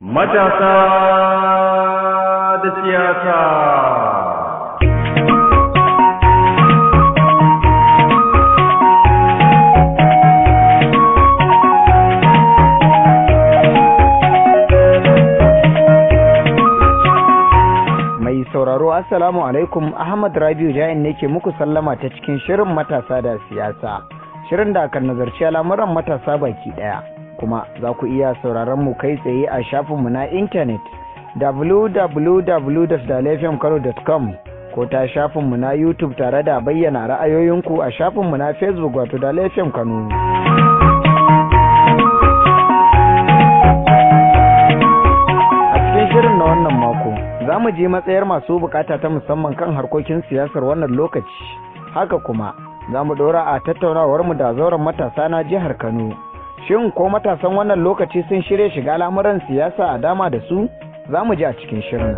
matasa da siyasa sauraro assalamu alaikum ahmad rabiu ja'in ne ke muku sallama ta cikin shirin matasa da siyasa shirin da kan nazarci al'amuran matasa baki ɗaya. kuma za ku iya sauraron mu kai tsaye a shafinmu na intanet www.dalefmkano.com ko ta shafinmu na youtube tare da bayyana ra'ayoyinku a shafinmu na facebook wato kano a cikin shirin na wannan mako za mu je matsayar masu bukata ta musamman kan harkokin siyasar wannan lokaci haka kuma za mu dora a mu da zauren matasa na jihar kano Shin ko matasan wannan lokaci sun shirya shiga lamuran siyasa a dama da su? Za mu ji a cikin shirin.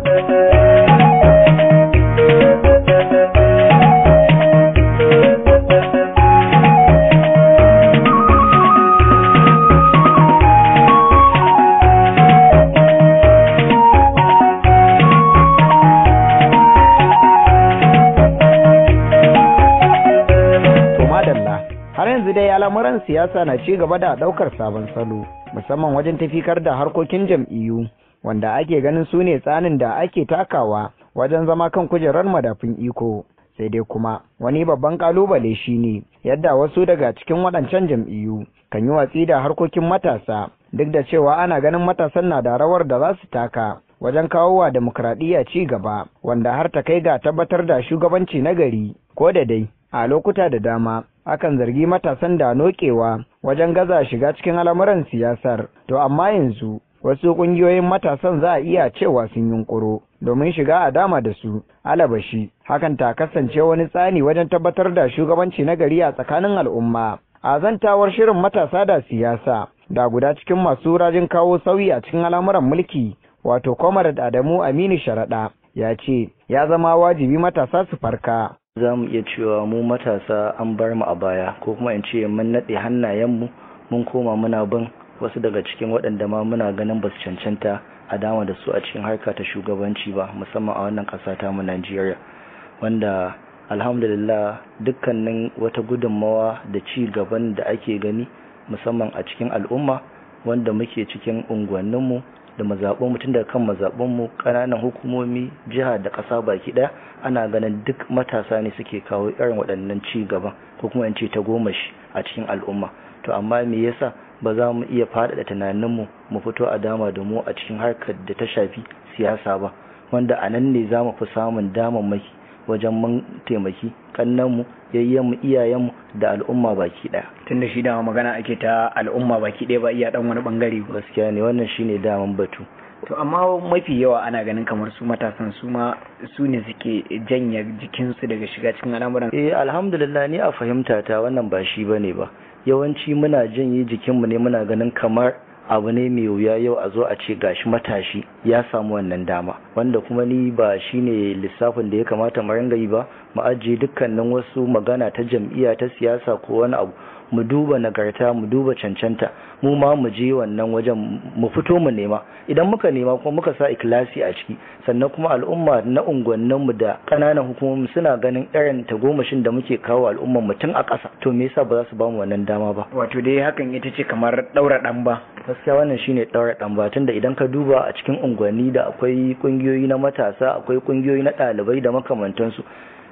yanzu dai al'amuran siyasa na ci gaba da ɗaukar sabon salo musamman wajen tafikar da harkokin jam'iyyu wanda ake ganin su ne tsanin da ake takawa wajen zama kan kujerar madafin iko sai dai kuma wani babban kalubale shine yadda wasu daga cikin waɗancan jam'iyyu kan yi watsi da harkokin matasa duk da cewa ana ganin matasan na da rawar da za su taka wajen kawo wa demokradiyya ci gaba wanda har ta kai ga tabbatar da shugabanci na gari ko da dai a lokuta da dama akan zargi matasan da nokewa wajen gaza shiga cikin al'amuran siyasar to amma yanzu wasu kungiyoyin matasan za a iya cewa sun yunkuro domin shiga a dama da su alabashi hakan ta kasance wani tsani wajen tabbatar da shugabanci na gari a tsakanin al'umma a zantawar shirin matasa da siyasa da guda cikin masu rajin kawo sauyi a cikin al'amuran mulki wato comrade adamu aminu sharaɗa ya ce ya zama wajibi matasa su farka za mu iya cewa mu matasa an bar mu a baya ko kuma in ce mun naɗe hannayenmu mun koma muna bin wasu daga cikin waɗanda ma muna ganin basu cancanta a dama da su a cikin harka ta shugabanci ba musamman a wannan ƙasa ta mu Najeriya wanda alhamdulillah dukkanin wata gudunmawa da ci gaban da ake gani musamman a cikin al'umma wanda muke cikin unguwanninmu da mazaɓon mutum da kan mu ƙananan hukumomi jiha da ƙasa baki ɗaya ana ganin duk matasa ne suke kawo irin waɗannan ci gaban ko kuma in ce ta goma shi a cikin al'umma to amma me yasa ba za mu iya faɗaɗa tunaninmu mu fito a dama da mu a cikin harkar da ta shafi siyasa ba wanda a nan ne za mu fi samun damammaki wajen mun taimaki kannanmu yayyanmu iyayenmu da al'umma baki ɗaya. tunda shi dama magana ake ta al'umma baki ɗaya ba iya dan wani bangare gaskiya ne wannan shine daman batu to amma mafi yawa ana ganin kamar su matasan su ma su ne suke janya jikinsu daga shiga cikin al'amuran eh alhamdulillah ni a fahimta ta wannan ba shi bane ba yawanci muna janye jikinmu ne muna ganin kamar abu ne mai wuya yau a zo a ce gashi matashi ya samu wannan dama wanda kuma ni ba shine lissafin da ya kamata mu ringa yi ba Ma'aji, dukkanin wasu magana ta jam'iyya ta siyasa ko wani abu mu duba nagarta mu duba cancanta mu ma mu je wannan wajen mu fito mu nema idan muka nema kuma muka sa ikilasi a ciki sannan kuma al'umma na unguwannin mu da ƙananan hukumomi suna ganin irin tagomashin da muke kawo al'umman mu tun a ƙasa to me yasa ba za su ba wannan dama ba wato dai hakan ita ce kamar daura dan ba gaskiya wannan shine daura dan ba tunda idan ka duba a cikin unguwanni da akwai kungiyoyi na matasa akwai kungiyoyi na ɗalibai da makamantansu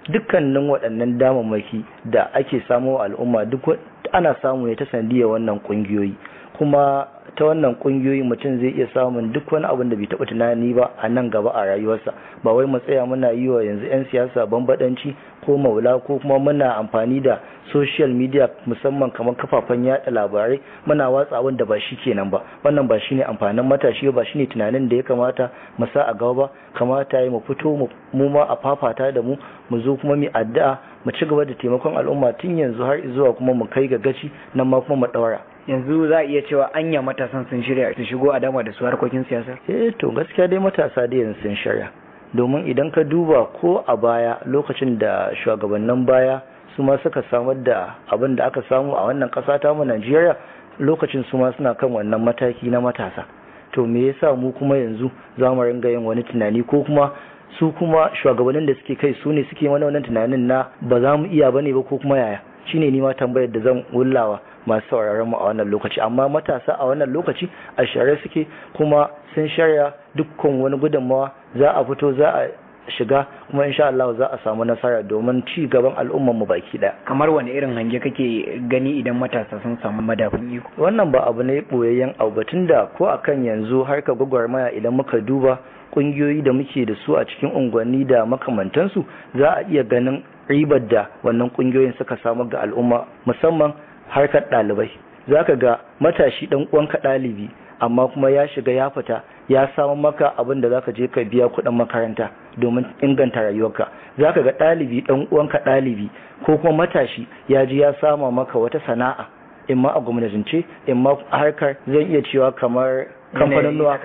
dukkanin waɗannan damammaki da ake samo al'umma duk ana samu ne ta sanadiyar wannan kungiyoyi kuma ta wannan kungiyoyi mutum zai iya samun duk wani abin da bai taɓa tunani ba a nan gaba a rayuwarsa ba wai mu tsaya muna yi wa yanzu 'yan siyasa bambadanci ko maula ko kuma muna amfani da social media musamman kamar kafafen yada labarai muna watsa abin da ba shi kenan ba wannan ba shine amfanin matashi ba shine tunanin da ya kamata mu sa a gaba ba kamata ya mu fito mu ma a fafata da mu mu zo kuma mu addu'a mu ci gaba da taimakon al'umma tun yanzu har zuwa kuma mu kai ga gaci nan ma kuma mu daura yanzu za a iya cewa anya matasan sun shirya su shigo a dama da su harkokin siyasa eh to gaskiya dai matasa da yanzu sun shirya domin idan ka duba ko a baya lokacin da shugabannin baya su ma suka samar da abin da aka samu a wannan kasa ta mu Najeriya lokacin su ma suna kan wannan mataki na matasa to me yasa mu kuma yanzu za mu ringa yin wani tunani ko kuma su kuma shugabannin da suke kai su ne suke wani wannan tunanin na ba za mu iya bane ba ko kuma yaya shine ni ma tambayar da zan wullawa masu sauraron mu a wannan lokaci amma matasa a wannan lokaci a share suke kuma sun shirya dukkan wani gudunmawa za a fito za a shiga kuma insha Allah za a samu nasara domin ci gaban al'ummar mu baki daya kamar wani irin hange kake gani idan matasa sun samu madafin iko wannan ba abu ne boyayyen abu batun da ko akan yanzu har harka gwagwarmaya idan muka duba kungiyoyi da muke da su a cikin unguwanni da makamantansu za a iya ganin ribar da wannan kungiyoyin suka samu ga al'umma musamman harkar ɗalibai zaka ga matashi ɗan uwanka ɗalibi amma kuma ya shiga ya fita ya samu maka abin da zaka je ka biya kuɗin makaranta domin inganta rayuwarka zaka ga ɗalibi ɗan uwanka ɗalibi ko kuma matashi ya ji ya sama maka wata sana'a in ma a gwamnatin ce? in ma harkar zan iya cewa kamar kamfanin nuwa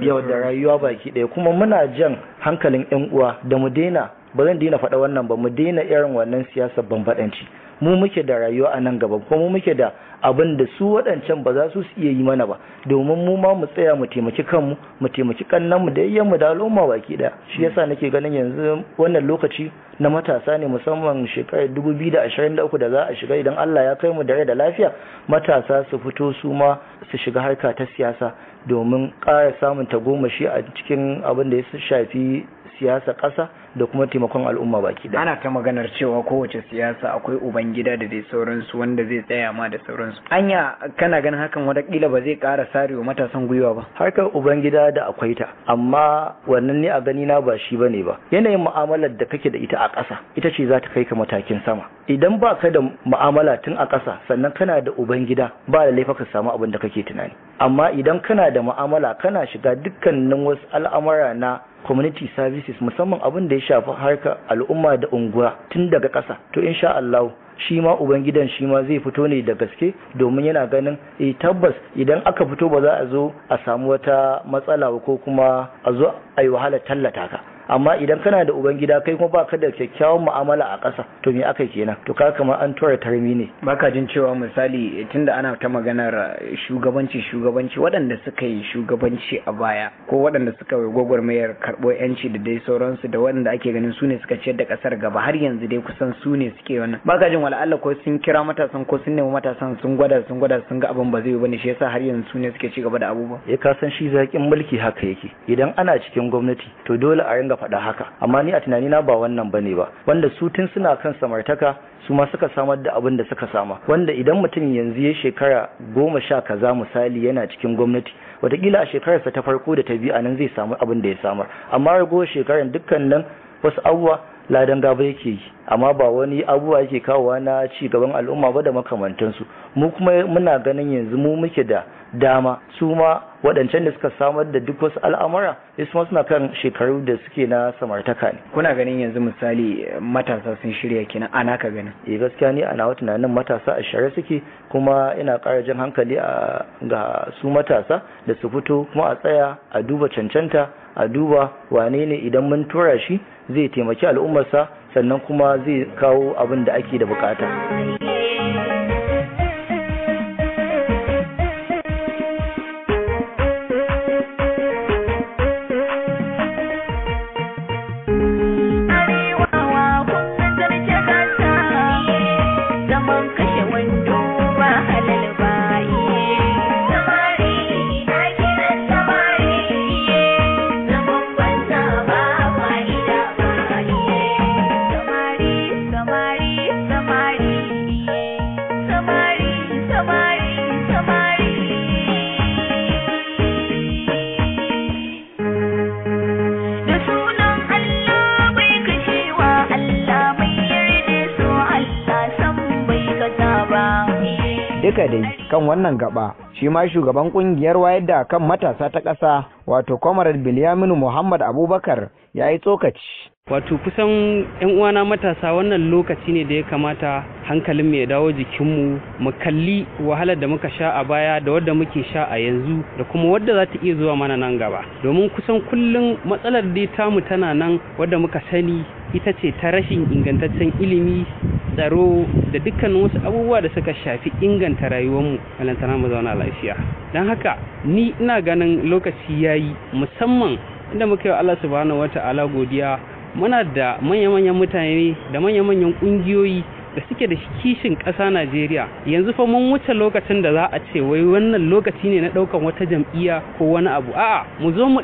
yau da rayuwa baki ɗaya kuma muna jan hankalin 'yan uwa da mu daina ba zan daina faɗa wannan ba mu daina irin wannan siyasar bambaɗanci mu muke da rayuwa a nan gaba ko mu muke da abin da su waɗancan ba za su iya yi mana ba domin mu ma mu tsaya mu taimaki kanmu mu taimaki kannan mu da yayyan mu da al'umma baki ɗaya shi yasa nake ganin yanzu wannan lokaci na matasa ne musamman shekarar 2023 da da za a shiga idan Allah ya kai mu da da lafiya matasa su fito su ma su shiga harka ta siyasa domin ƙara samun tagomashi a cikin abin da ya shafi siyasa ƙasa da kuma taimakon al'umma baki da ana ta maganar cewa kowace siyasa akwai uban gida da dai sauransu wanda zai tsaya ma da sauransu anya kana ganin hakan wata ƙila ba zai kara sarewa matasan gwiwa ba harkar uban gida da akwai ta amma wannan ne a gani na ba shi bane ba yanayin mu'amalar da kake da ita a ƙasa ita ce za ta kai ka matakin sama idan ba ka da mu'amala tun a ƙasa sannan kana da uban gida ba da laifa ka samu abin da kake tunani amma idan kana da mu'amala kana shiga dukkanin wasu al'amura na community services musamman abin da ya shafi harka al'umma da unguwa tun daga ƙasa to insha Allah shi ma ubangidan shi ma zai fito ne da gaske domin yana ganin eh tabbas idan aka fito ba za a zo a samu wata matsala ko kuma a zo a yi wahala tallata ka amma idan kana da ubangida kai kuma baka da kyakkyawan mu'amala a ƙasa to me aka kenan to ka kamar an tura tarmi ne baka jin cewa misali tunda ana ta maganar shugabanci shugabanci waɗanda suka yi shugabanci a baya ko waɗanda suka yi gwagwarmayar karɓo yanci da dai sauransu da waɗanda ake ganin su ne suka ciyar da ƙasar gaba har yanzu dai kusan su ne suke wannan baka jin wala'alla ko sun kira matasan ko sun nemi matasan sun gwada sun gwada sun ga abin ba zai yi bane shi yasa har yanzu su ne suke ci gaba da abubuwa ya eh, kasan shi zaƙin mulki haka yake idan ana cikin gwamnati to dole a ringa faɗa haka amma ni a tunani na ba wannan bane ba wanda su tun suna kan samartaka su ma suka samar da abin da suka sama wanda idan mutum yanzu ya shekara goma sha kaza misali yana cikin gwamnati watakila a shekararsa ta farko da ta biyu anan zai samu abin da ya samar amma ragowar shekaran dukkan nan wasu abubuwa ladan gaba yake yi amma ba wani abubuwa yake kawowa na ci gaban al'umma ba da makamantansu mu kuma muna ganin yanzu mu muke da dama su ma waɗancan da suka samar da duk wasu al'amura isma suna kan shekaru da suke na samartaka ne kuna ganin yanzu misali matasa sun shirya kina, ana ka ganin eh gaskiya ni ana wata nan matasa a share suke kuma ina ƙara jan hankali ga su matasa da su fito kuma a tsaya a duba cancanta a duba wane ne idan mun tura shi zai taimaki al'ummarsa sannan kuma zai kawo abin da ake da bukata. wannan gaba shi ma shugaban kungiyar wayar da kan matasa ta ƙasa wato comrade bilyaminu muhammad abubakar ya yi tsokaci wato kusan yan uwana matasa wannan lokaci ne da ya kamata hankalin ya dawo jikinmu mu kalli wahalar da muka sha a baya da wadda muke sha a yanzu da kuma wadda za ta iya zuwa mana nan gaba domin kusan kullum matsalar dai mu tana nan wadda muka sani ita ce ta rashin ingantaccen ilimi tsaro da dukkan wasu abubuwa da suka shafi inganta rayuwarmu balantana mu zauna lafiya don haka ni ina ganin lokaci ya yi musamman inda muka yi wa Allah subhanahu ala godiya muna da manya-manyan mutane da manya-manyan ƙungiyoyi da suke da kishin ƙasa Najeriya yanzu fa mun wuce lokacin da za a ce wai wannan lokaci ne na ɗaukan wata jam'iyya ko wani abu a'a mu zo mu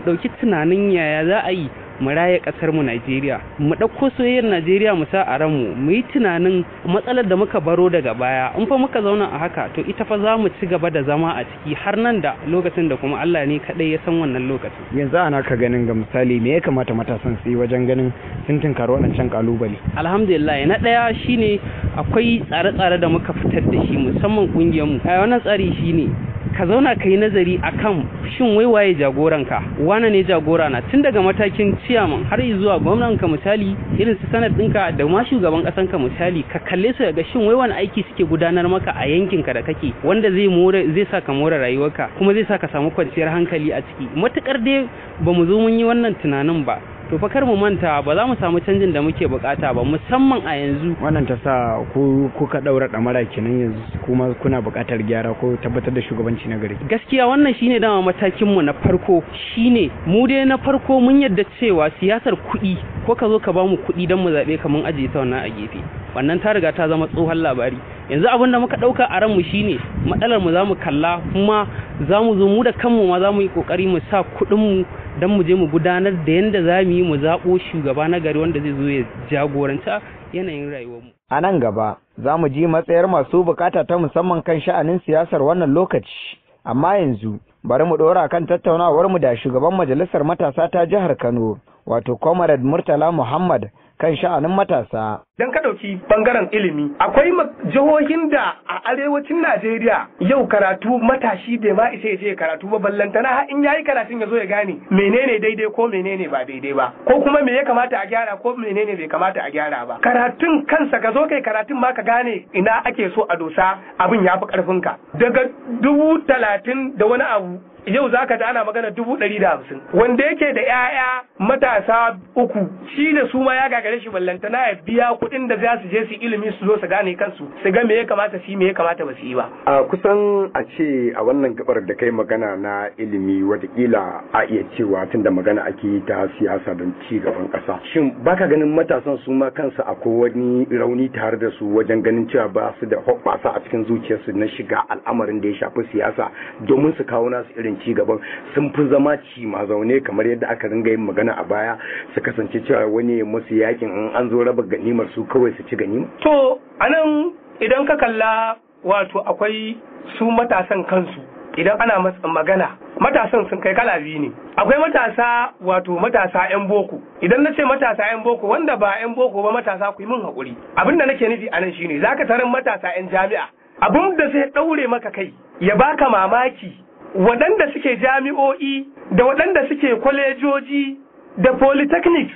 ɗauki tunanin yaya za a yi mu raye kasar mu Najeriya mu ɗauko soyayyar Najeriya mu sa a ranmu mu yi tunanin matsalar da muka baro daga baya in fa muka zauna a haka to ita fa za mu ci gaba da zama a ciki har nan da lokacin da kuma Allah ne kadai ya san wannan lokacin yanzu ana ka ganin ga misali me ya kamata matasan su yi wajen ganin sun tunkari can kalubale alhamdulillah na ɗaya shine akwai tsare-tsare da muka fitar da shi musamman kungiyar mu wannan tsari shine ka zauna ka yi nazari a kan shin waiwaye waye jagoranka wane ne jagora na tun daga matakin ciyaman har zuwa gwamnanka misali irin su sanar ɗinka da ma shugaban ƙasar ka misali ka kalle su daga shin waiwan aiki suke gudanar maka a yankinka da kake wanda zai more zai sa ka more rayuwarka kuma zai sa ka samu kwanciyar hankali a ciki matukar dai ba mu zo mun yi wannan tunanin ba to fa kar mu manta ba za mu samu canjin da muke bukata ba musamman a yanzu wannan ta sa ku kuka daura damara kenan yanzu kuma kuna bukatar gyara ko tabbatar da shugabanci na gari gaskiya wannan shine dama matakin mu na farko shine mu dai na farko mun yadda cewa siyasar kuɗi ko ka zo ka ba mu kuɗi dan mu zaɓe kamar ajiye ta wannan a gefe wannan ta riga ta zama tsohon labari yanzu abin da muka ɗauka a mu shine matsalar mu za mu kalla kuma za mu zo mu da kanmu ma za mu yi kokari mu sa kuɗinmu don mu je mu gudanar da yadda za mu yi mu zaɓo shugaba na gari wanda zai zo ya jagoranta yanayin rayuwarmu. A nan gaba za mu ji matsayar masu bukata ta musamman kan sha'anin siyasar wannan lokaci. Amma yanzu bari mu ɗora kan tattaunawar mu da shugaban majalisar matasa ta jihar Kano wato Comrade Murtala Muhammad kan sha'anin matasa. Don ka ɗauki ɓangaren ilimi, akwai jihohin da a arewacin Najeriya yau karatu matashi da ma isa ya je karatu ba ballantana har in yayi karatun ya zo ya gane menene daidai ko menene ba daidai ba ko kuma me ya kamata a gyara ko menene bai kamata a gyara ba. Karatun kansa ka zo kai karatun ma ka gane ina ake so a dosa abin ya fi ƙarfinka. Daga dubu talatin da wani abu yau za ka ji ana magana dubu ɗari da hamsin wanda yake da 'ya'ya matasa uku shi da su ma ya gagare shi ballantana ya biya kuɗin da za su je su ilimi su zo su gane kansu su ga me ya kamata su yi me ya kamata ba su yi ba. a kusan a ce a wannan gabar da kai magana na ilimi watakila a iya cewa tun da magana ake yi ta siyasa don ci gaban ƙasa shin baka ganin matasan su ma kansu akwai wani rauni tare da su wajen ganin cewa ba su da hoɓɓasa a cikin zuciyarsu na shiga al'amarin da ya shafi siyasa domin su kawo nasu irin wannan ci gaban sun fi zama ci ma zaune kamar yadda aka ringa yin magana a baya su kasance cewa wani ya musu yakin in an zo raba ganimar su kawai su ci ganima to anan idan ka kalla wato akwai su matasan kansu idan ana magana matasan sun kai kala biyu ne akwai matasa wato matasa yan boko idan na ce matasa yan boko wanda ba yan boko ba matasa ku yi min haƙuri abin da nake nufi anan shine zaka tarin matasa yan jami'a abin da sai ɗaure maka kai ya baka mamaki waɗanda suke jami'o'i da waɗanda suke kwalejoji da polytechnics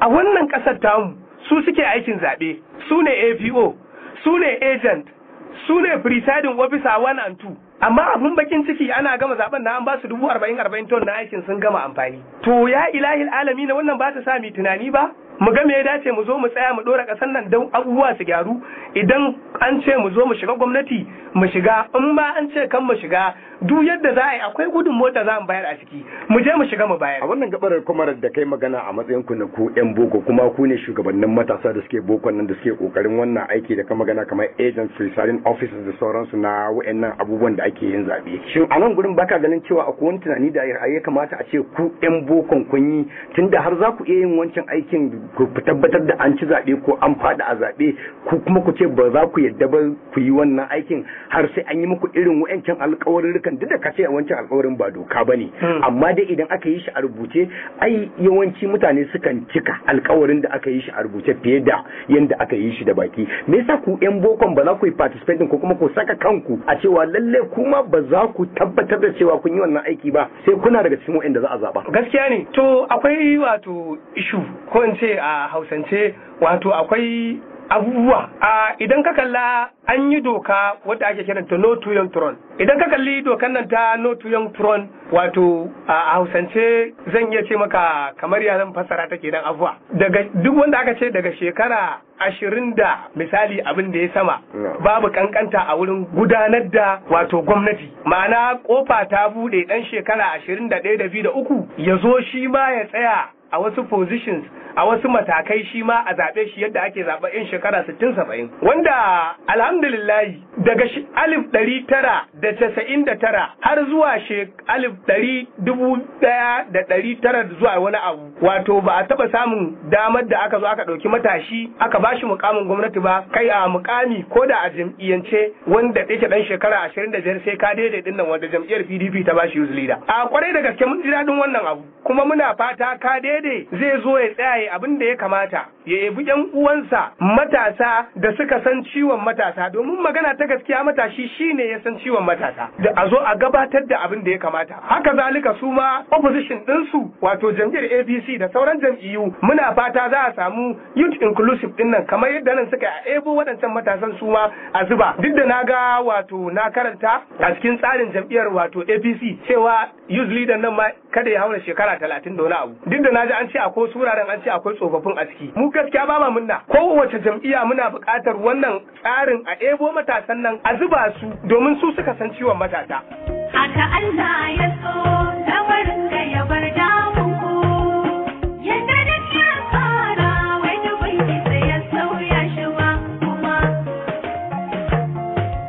a wannan ƙasar tamu su suke aikin zaɓe su ne apo su ne agent su ne presiding officer one and two amma abun bakin ciki ana gama zaben na an ba su dubu arba'in arba'in ton na aikin sun gama amfani to ya ilahil alami na wannan ba ta sa mai tunani ba mu ga me ya dace mu zo mu tsaya mu dora kasan nan don abubuwa su gyaru idan an ce mu zo mu shiga gwamnati mu shiga in ma an ce kan mu shiga duk yadda za a yi akwai gudun mota za mu bayar a ciki mu je mu shiga mu bayar a wannan gabar kwamarar da kai magana a matsayin ku na ku yan boko kuma ku ne shugabannin matasa da suke boko nan da suke kokarin wannan aiki da ka magana kamar agent presiding officers da sauransu na wayannan abubuwan da ake yin zabe shin a nan gurin baka ganin cewa akwai wani tunani da ya kamata a ce ku yan bokon kun yi tunda har za ku iya yin wancan aikin ku tabbatar da an ci zaɓe ko an faɗi a zaɓe ku kuma ku ce ba za ku yadda ba ku yi wannan aikin har sai an yi muku irin wa'ancan alƙawarin duk da ka ce wancan alƙawarin ba doka ba ne hmm. amma dai idan aka yi shi a rubuce ai yawanci mutane sukan cika alkawarin da aka yi shi a rubuce fiye da yadda aka yi shi da baki me yasa ku yan bokon ba za ku yi participating ko kuma ku saka kanku a cewa lalle kuma ba za ku tabbatar da cewa kun yi wannan aiki ba sai kuna daga cikin wa'anda za a zaɓa gaskiya ne to akwai wato ishu ko in ce a hausance wato akwai abubuwa idan ka kalla an yi doka wadda ake kiranta no to young throne idan ka kalli dokan nan ta no to young throne wato a hausance zan iya ce maka kamar yaran fasara take dan abuwa daga duk wanda aka ce daga shekara ashirin da misali abin da ya sama babu kankanta a wurin gudanar da wato gwamnati ma'ana kofa ta bude dan shekara ashirin da ɗaya da biyu da uku ya zo shi ma ya tsaya a wasu positions a wasu matakai shi ma a zaɓe shi yadda ake zaɓa in shekara 60-70 wanda alhamdulillah daga alif ɗari tara da casa'in da tara har zuwa alif ɗari dubu ɗaya da ɗari tara zuwa wani abu wato ba a taɓa samun damar da aka zo aka ɗauki matashi aka ba shi mukamin gwamnati ba kai a mukami ko da a jam'iyyance wanda ɗake ɗan shekara ashirin da biyar sai ka daidai ɗin nan wanda jam'iyyar PDP ta ba shi yuzlida a kwarai da gaske mun ji daɗin wannan abu kuma muna fata ka daidai ne zai zo ya tsaye abin da ya kamata ya yabi yan uwansa matasa da suka san ciwon matasa domin magana ta gaskiya matashi shine ya san ciwon matasa da a zo a gabatar da abin da ya kamata haka zalika su ma opposition ɗinsu wato jam'iyyar APC da sauran jam'iyyu muna fata za a samu youth inclusive ɗin nan kamar yadda nan suka a ebo waɗancan matasan su ma a zuba duk da na ga wato na karanta a cikin tsarin jam'iyyar wato APC cewa youth leader nan ma kada ya haura shekara talatin da wani abu duk da na ji an ce akwai suraren an ce akwai tsofaffin a ciki mu gaskiya ba ma munna kowace jam'iyya muna buƙatar wannan tsarin a ebo matasan nan a zuba su domin su suka san ciwon matasa haka Allah ya so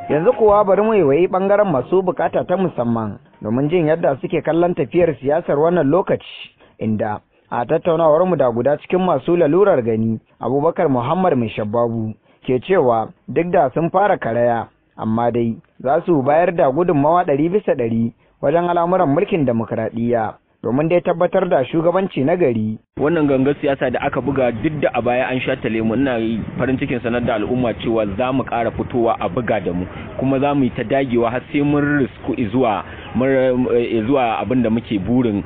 yanzu kuwa bari mu yi bangaren masu bukata ta musamman domin jin yadda suke kallon tafiyar siyasar wannan lokaci inda a tattaunawar mu da guda cikin masu lalurar gani abubakar muhammad mai shababu ke cewa duk da sun fara karaya amma dai za su bayar da gudunmawa ɗari bisa ɗari wajen al'amuran mulkin demokuraɗiyya domin dai tabbatar da shugabanci na gari. Wannan gangar siyasa da aka buga duk da a baya an sha ta lemu ina farin cikin sanar da al'umma cewa za mu ƙara fitowa a buga da mu kuma za mu yi ta dagewa har sai mun risku zuwa Eh, zuwa abin da muke burin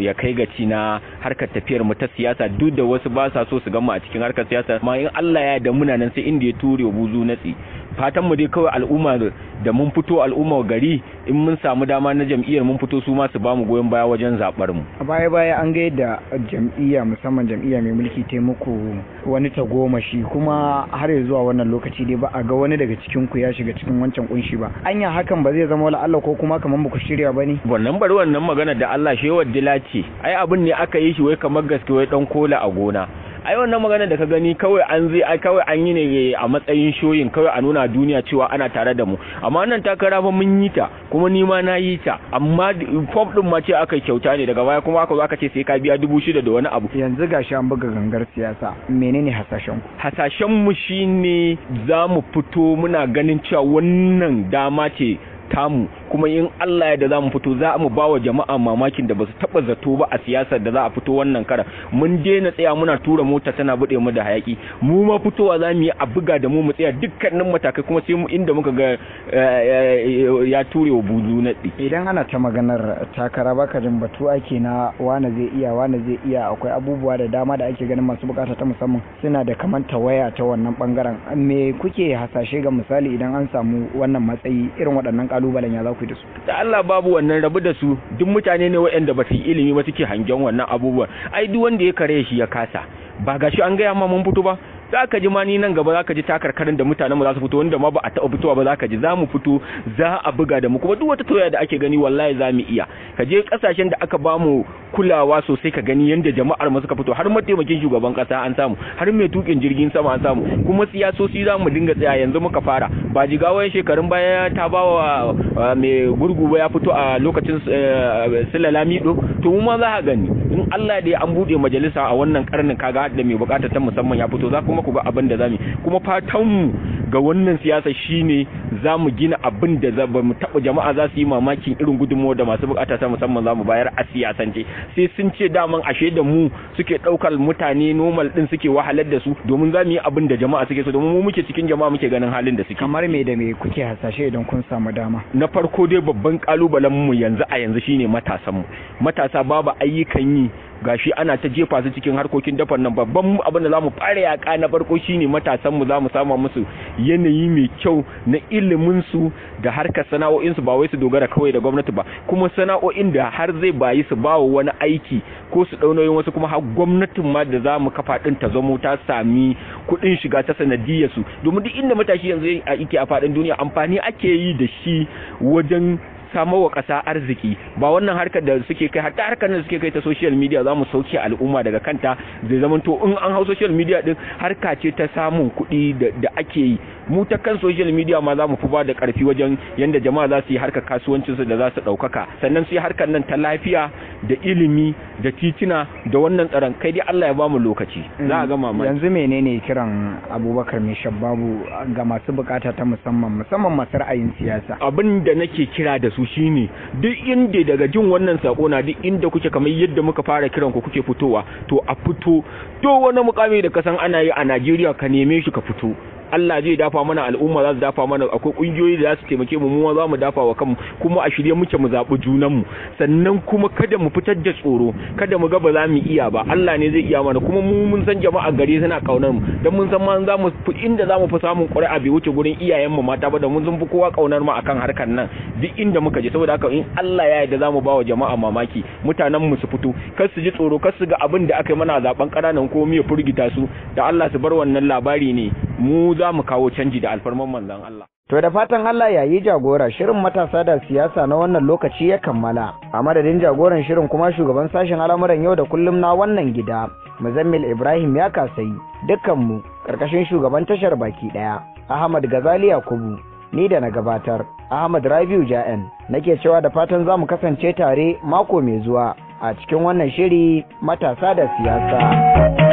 ya kai gaci na harkar tafiyar mu ta siyasa duk da wasu ba sa so su gama a cikin harkar siyasa amma in Allah ya da muna nan sai inda ya ture buzu natsi fatan mu dai kawai al'umma da mun fito al'umma gari in mun samu dama na jam'iyyar mun fito su ma su bamu goyon baya wajen zabar mu a baya baya an ga yadda jam'iyya musamman jam'iyya mai mulki ta muku wani tagomashi kuma har zuwa wannan lokaci dai ba a ga wani daga cikin ku ya shiga cikin wancan kunshi ba anya hakan ba zai zama wala Allah ko kuma kamar kaman ba ku shirya ba ne wannan bari wannan magana da Allah shi yawan dila ce ai abin ne aka yi shi wai kamar gaske wai ɗan kola a gona ai wannan magana da ka gani kawai an zai ai kawai an yi ne a matsayin shoyin kawai a nuna duniya cewa ana tare da mu amma nan takara fa mun yi ta kuma ni ma na yi ta amma form din ma ce aka kyauta ne daga baya kuma aka zo aka ce sai ka biya dubu shida da wani abu yanzu gashi an buga gangar siyasa menene hasashen ku hasashen mu shine za mu fito muna ganin cewa wannan dama ce tamu kuma in Allah ya da za mu fito za mu ba wa jama'a mamakin da ba su taba zato ba a siyasar da za a fito wannan kara mun daina tsaya muna tura mota tana bude mu da hayaki mu ma fitowa za mu yi a buga da mu mu tsaya dukkanin matakai kuma sai mu inda muka ga eh, eh, ya ture wa buzu naɗi idan ana ta maganar takara baka jin batu ake na wane zai iya wane zai iya akwai abubuwa da dama da ake ganin masu bukata ta musamman suna da kamar waya ta wannan bangaren me kuke hasashe ga misali idan an samu wannan matsayi irin waɗannan kalubalen ya za da su da Allah babu wannan rabu da su duk mutane ne waɗanda ba su yi ilimi ba suke hangen wannan abubuwan ai duk wanda ya kare shi ya kasa ba gashi an gaya ma mun fito ba za ka ji mani nan gaba za ka ji takarkarin da mutanenmu za su fito wanda ma ba a taɓa fitowa ba za ka ji za mu fito za a buga da mu kuma duk wata toya da ake gani wallahi za mu iya ka je kasashen da aka ba mu kulawa sosai ka gani yanda jama'ar mu suka fito har mataimakin shugaban kasa an samu har mai tukin jirgin sama an samu kuma siyasoci za mu dinga tsaya yanzu muka fara ba jigawayen shekarun baya ta ba wa mai gurgu ba ya fito a lokacin eh, silalamido to mu ma za ka gani in Allah da ya an buɗe majalisa a wannan karnin kaga da mai bukatar ta musamman ya fito za kuma kuma ku ga abin da zamu kuma fatan mu ga wannan siyasa shine za mu gina abin da ba mu taɓa jama'a za su yi mamakin irin gudunmawa da masu bukata ta musamman za mu bayar a siyasance sai sun ce daman ashe da mu suke ɗaukar mutane normal ɗin suke wahalar da su domin za mu yi abin da jama'a suke so domin mu muke cikin jama'a muke ganin halin da suke kamar me da me kuke hasashe idan kun samu dama na farko dai babban kalubalen mu yanzu a yanzu shine matasan mu matasa babu ayyukan yi gashi ana ta jefa su cikin harkokin dafan nan babban abin da za mu fara yaka na farko shine matasan mu zamu sama musu yanayi mai kyau na iliminsu da harkar sana'o'insu ba wai su dogara kawai da gwamnati ba kuma sana'o'in da har zai bayi su ba wa wani aiki ko su ɗaunoyin wasu kuma har gwamnatin ma da za mu kafa ɗin ta zamo ta sami kuɗin shiga ta sanadiyarsu domin duk inda matashi yanzu yake a faɗin duniya amfani ake yi da shi wajen samar wa ƙasa arziki ba wannan harkar da suke kai hatta harkar da suke kai ta social media za mu sauke al'umma daga kanta zai zama to in an hau social media din harka ce ta samun kuɗi da ake yi mu ta kan social media ma za mu fi ba da karfi wajen yadda jama'a za su yi harkar kasuwancinsu da za su ɗaukaka sannan su yi harkar nan ta lafiya da ilimi da titina da wannan tsaron kai dai Allah ya ba mu lokaci za a ga mamaki yanzu menene kiran Abubakar mai shabbabu ga masu bukata ta musamman musamman masu ra'ayin siyasa abin da nake kira da su shine duk inda daga jin wannan sako na duk inda kuke kamar yadda muka fara kiran ku kuke fitowa to a fito to wani mukami da kasan ana yi a Najeriya ka neme shi ka fito Allah zai dafa mana al'umma za su dafa mana akwai kungiyoyi da za su taimake mu mu za mu dafa wa kanmu kuma a shirye muke mu zabi junan mu sannan kuma kada mu fitar da tsoro kada mu ga ba za mu iya ba Allah ne zai iya mana kuma mu mun san jama'a gare suna kaunar mu dan mun san ma za mu inda za mu fi samun ƙuri'a bai wuce gurin iyayen mu mata ba da mun sun fi kowa kaunar mu akan harkan nan duk inda muka je saboda haka in Allah ya yarda za mu ba wa jama'a mamaki mutanen mu su fito kar su ji tsoro kar su ga abin da aka yi mana zaben ƙananan ko mu ya furgita su da Allah su bar wannan labari ne mu za mu kawo canji da alfarman manzon Allah To da fatan Allah ya yi jagora shirin matasa da siyasa na wannan lokaci ya kammala. A madadin jagoran shirin kuma shugaban sashen al'amuran yau da kullum na wannan gida, Muzammil Ibrahim ya kasayi dukkanmu ƙarƙashin shugaban tashar baki ɗaya, Ahmad Gazali Yakubu, ni da na gabatar, Ahmad Rabiu Ja'en, nake cewa da fatan za mu kasance tare mako mai zuwa a cikin wannan shiri matasa da siyasa.